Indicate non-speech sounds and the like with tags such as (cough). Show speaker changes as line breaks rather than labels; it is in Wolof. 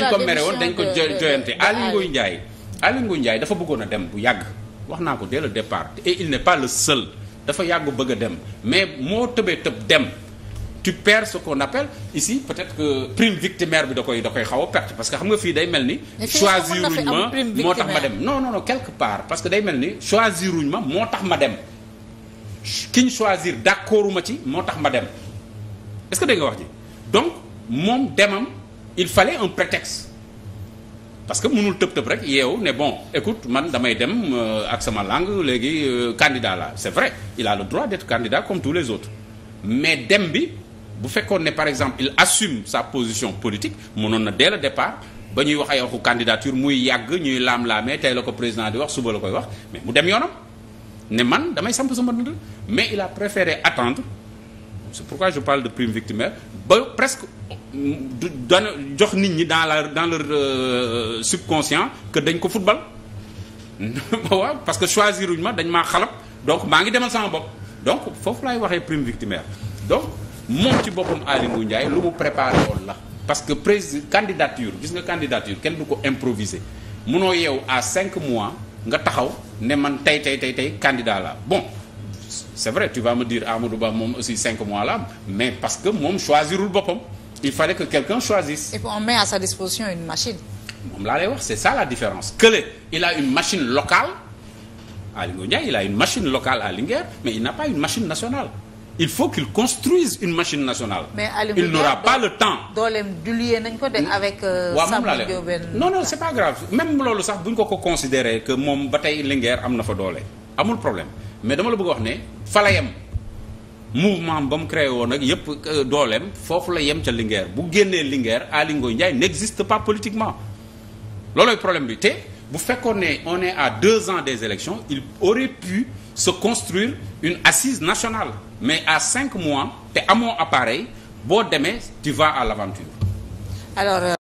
dañ ko mere woon dañ ko joyante Aly Ngouille
Ndiaye Aly dafa bëggoon a dem bu yàgg wax naa ko dès le départ et il n'est pas le seul dafa yàgg bëgg a dem mais moo tëbee tëb dem tu per ce qu'on appelle peut-être que prime victimaire bi da koy da koy xaw a perte parce que xam nga fii day mel ni choisiruñ ma moo tax ma dem non non non quelque part parce que day mel ni choisiruñ ma moo tax ma dem ki ñu choisir d'accorduma ci moo tax ma dem est-ce que dégg nga wax ji donc moom demam il fallait un prétexte parce que mënul tëb tëb rek yeewu ne bon écoute man damay dem euh, ak sama langue léegi euh, candidat la c'est vrai il a le droit d'être candidat comme tous les autres mais dem bi bu fekkoon ne par exemple il assume sa position politique mënoon na dès le départ ba ñuy wax ay waxu candidature muy yàgg ñuy laam-laamee tey la ko président di wax suba la koy wax mais mu dem yoonam ne man damay samp sama dund mais il a préféré attendre c'est pourquoi je parle de prime victimaire ba presque dana jox nit ñi dans la dans leur euh, subconscient que dañ ko football (laughs) waaw parce que choisiruñ ma dañ maa xalab donc maa ngi demal sama bopp donc foofu laay waxee prime victimaire donc moom ci boppam Aly Ngouille Ndiaye lu mu préparé woon la parce que président candidature gis nga candidature kenn du ko improviser munoo yeew à cinq mois nga taxaw ne man tey tey tey tey candidat la bon c'est vrai tu vas me dire Amadou moom aussi cinq mois la mais parce que moom choisirul boppam il fallait que quelqu'un choisisse. et puis on met à sa disposition une machine. moom laa lay wax c'est ça la différence. Kële il machine locale Aly Ngouille il a une machine locale à Linguère mais il n'a pas une machine nationale. il faut qu'il construise une machine nationale. mais il n'aura pas le temps. dooleem dulier nañ ko de avec. Euh, Samba Diobène non non c'est pas grave même loolu sax bu ñu ko ko considérer moom ba tey Linguère am na fa amul problème mais dama la bëgg wax ne fa la yem mouvement ba mu créé woon ak yëpp euh, dooleem foofu la yem ca Linguère bu génnee Linguère Aly Ngouille Ndiaye n'existe pas politiquement loolooy problème bi te bu fekkoon ne on à deux ans des élections il aurait pu se construire une assise nationale mais à cinq mois te amoo appareil boo demee tu vas à l'aventure euh,